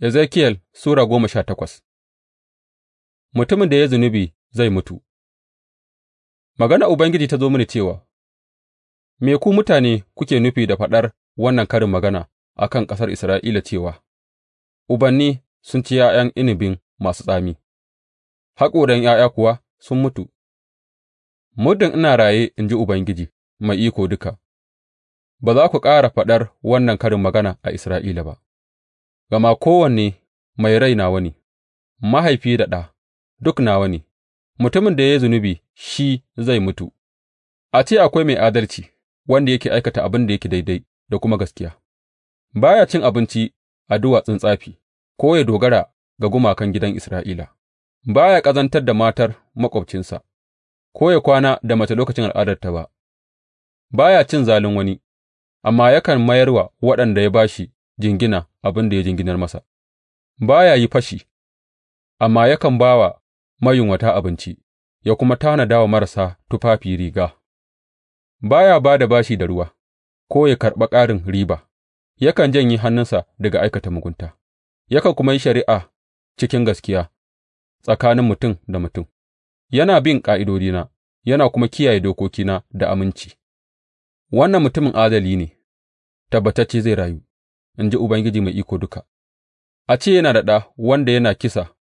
Ezekiel Sura goma sha takwas Mutumin da ya zunubi zai mutu Magana Ubangiji ta zo mini cewa, Me ku mutane kuke nufi da faɗar wannan karin magana a kan ƙasar Isra'ila cewa, Ubanni sun ci ’ya'yan inibin masu tsami, haƙoran ’ya'ya kuwa sun mutu, muddin ina raye in ji Ubangiji Mai Iko Duka, ba za ku ƙara faɗar wannan karin magana a Isra'ila ba. gama kowanne mai rai nawa ne, mahaifi da ɗa, duk nawa ne; mutumin da ya yi zunubi shi zai mutu, a ce akwai mai adalci wanda yake aikata abin da yake daidai da kuma gaskiya, ba ya cin abinci a duwatsun tsafi ko ya dogara ga gumakan gidan Isra'ila, ba ya ƙazantar da matar maƙwabcinsa ko ya kwana da mace lokacin al'adarta ba, ba ya cin zalin wani, amma yakan mayar wa waɗanda ya ba shi jingina abin da ya jinginar masa, ba ya yi fashi, amma yakan ba wa mayunwata abinci ya kuma tanada wa marasa tufafi riga, ba ya ba da bashi da ruwa ko ya karɓa ƙarin riba, yakan janye hannunsa daga aikata mugunta, yakan kuma yi shari'a cikin gaskiya tsakanin mutum da mutum, yana bin ƙa'idodina yana kuma kiyaye dokokina da aminci. Wannan mutumin adali ne, tabbatacce zai rayu. in ji Ubangiji Mai Iko Duka, a ce yana da ɗa wanda yana kisa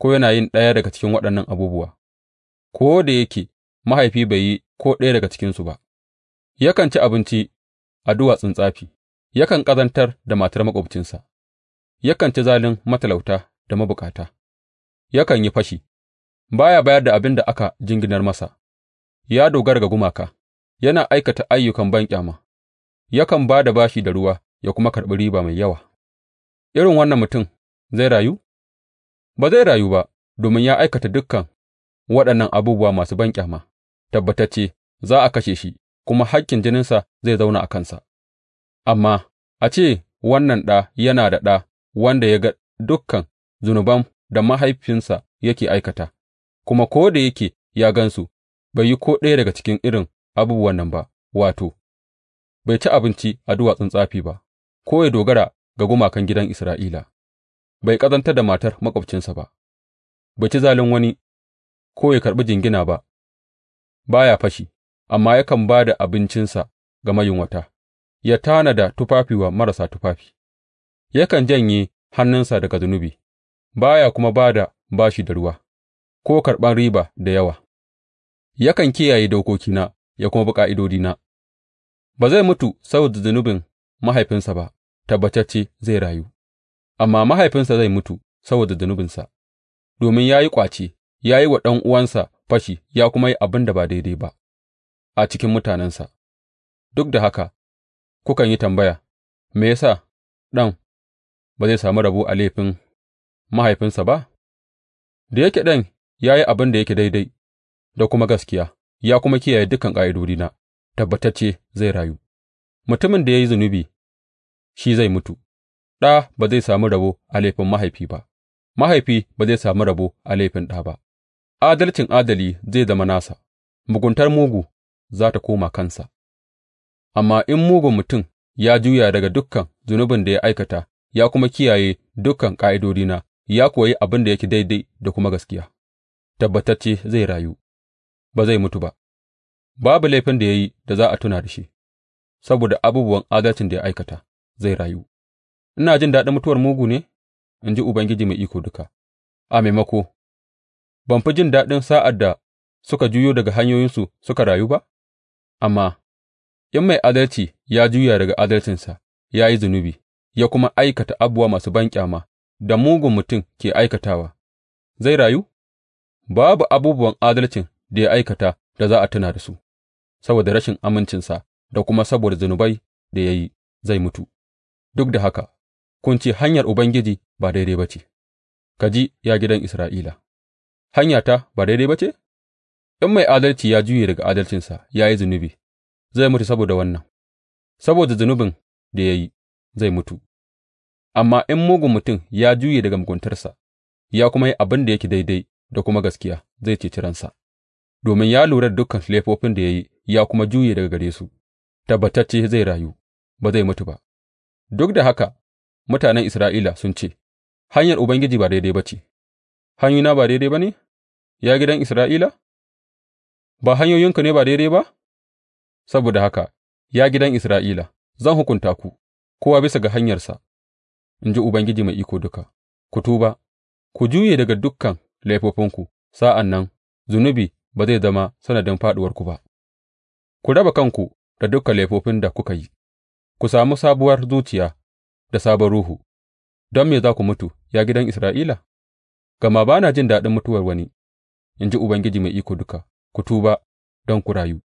ko yana yin ɗaya daga cikin waɗannan abubuwa, ko da yake mahaifi bai yi ko ɗaya daga cikinsu ba, yakan ci abinci a duwatsun tsafi, yakan ƙazantar da matar maƙwabcinsa, yakan ci zalin matalauta da mabukata, yakan yi fashi, ba ya bayar da abin da aka jinginar masa, ya dogara ga gumaka, yana aikata ayyukan banƙyama, yakan ba da bashi da ruwa ya kuma karɓi riba mai yawa, irin wannan mutum zai rayu? Ba zai rayu ba, domin ya aikata dukan waɗannan abubuwa masu banƙyama, tabbatacce za a kashe shi, kuma hakkin jininsa zai zauna a kansa. Amma a ce wannan ɗa yana da ɗa wanda ya ga dukkan zunuban da mahaifinsa yake aikata, kuma ko da yake ya gansu, bai yi ko ɗaya daga cikin irin abubuwan nan ba, wato, bai ci abinci a duwatsun tsafi ba, ko ya dogara ga gumakan gidan Isra'ila, bai ƙazantar da matar maƙwabcinsa ba, bai ci zalin wani ko ya karɓi jingina ba, ba ya fashi, amma yakan ba da abincinsa ga mayunwata, ya tanada tufafi wa marasa tufafi, yakan janye hannunsa daga zunubi, ba ya kuma ba da bashi da ruwa, ko karɓan riba da yawa, yakan kiyaye dokokina ya kuma bi ƙa'idodina, ba zai mutu saboda zunubin mahaifinsa ba, tabbatacce zai rayu, amma mahaifinsa zai mutu saboda zunubinsa, domin ya yi ƙwace, ya yi wa ɗan'uwansa fashi ya kuma yi abin da ba daidai ba a cikin mutanensa, duk da haka kukan yi tambaya, Me ya sa ɗan ba zai sami rabo a laifin mahaifinsa ba? Da yake ɗan ya yi abin da yake daidai da kuma gaskiya, ya kuma kiyaye dukan ƙa'idodina, tabbatacce zai rayu, mutumin da ya yi zunubi shi zai mutu, ɗa ba zai sami rabo a laifin mahaifi ba, mahaifi ba zai sami rabo a laifin ɗa ba, adalcin adali zai zama nasa, muguntar mugu za ta koma kansa. Amma in mugun mutum ya juya daga dukkan zunubin da ya aikata ya kuma kiyaye dukan ƙa'idodina, ya kuwa yi abin da yake daidai da kuma gaskiya, tabbatacce zai rayu, ba zai mutu ba, babu laifin da ya yi da za a tuna da shi, saboda abubuwan adalcin da ya aikata. zai rayu, ina jin daɗin mutuwar mugu ne, in ji Ubangiji Mai Iko Duka, a maimako, ban fi jin daɗin sa'ad da suka juyo daga hanyoyinsu suka rayu ba? Amma in mai adalci ya juya daga adalcinsa ya yi zunubi, ya kuma aikata abubuwa masu banƙyama da mugun mutum ke aikatawa, zai rayu? Babu abubuwan adalcin da ya aikata da za a tuna da su, saboda rashin amincinsa da kuma saboda zunubai da ya yi, zai mutu. Duk da haka kun ce, Hanyar Ubangiji ba daidai ba ce; ka ji, ya gidan Isra'ila, Hanya ta ba daidai ba ce? In mai adalci ya juye daga adalcinsa ya yi zunubi, zai mutu saboda wannan; saboda zunubin da ya yi, zai mutu. Amma in mugun mutum ya juye daga muguntarsa ya kuma yi abin da yake daidai da kuma gaskiya, zai ceci ransa, domin ya lura da dukan laifofin da ya yi ya kuma juye daga gare su, tabbatacce zai rayu, ba zai mutu ba. Duk da haka mutanen Isra'ila sun ce, Hanyar Ubangiji ba daidai ba ce, hanyoyina ba daidai ba ne, ya gidan Isra'ila? Ba hanyoyinka ne ba daidai ba? Saboda haka, ya gidan Isra'ila, zan hukunta ku, kowa bisa ga hanyarsa, in ji Ubangiji Mai Iko Duka, ku tuba, ku juye daga dukkan laifofinku, sa'an nan zunubi ba zai zama sanadin fāɗuwarku ba, ku raba kanku da dukan laifofin da kuka yi. ku sami sabuwar zuciya da sabon ruhu, don me za ku mutu, ya gidan Isra'ila? Gama ba na jin daɗin mutuwar wani, in ji Ubangiji Mai Iko Duka; ku tuba, don ku rayu.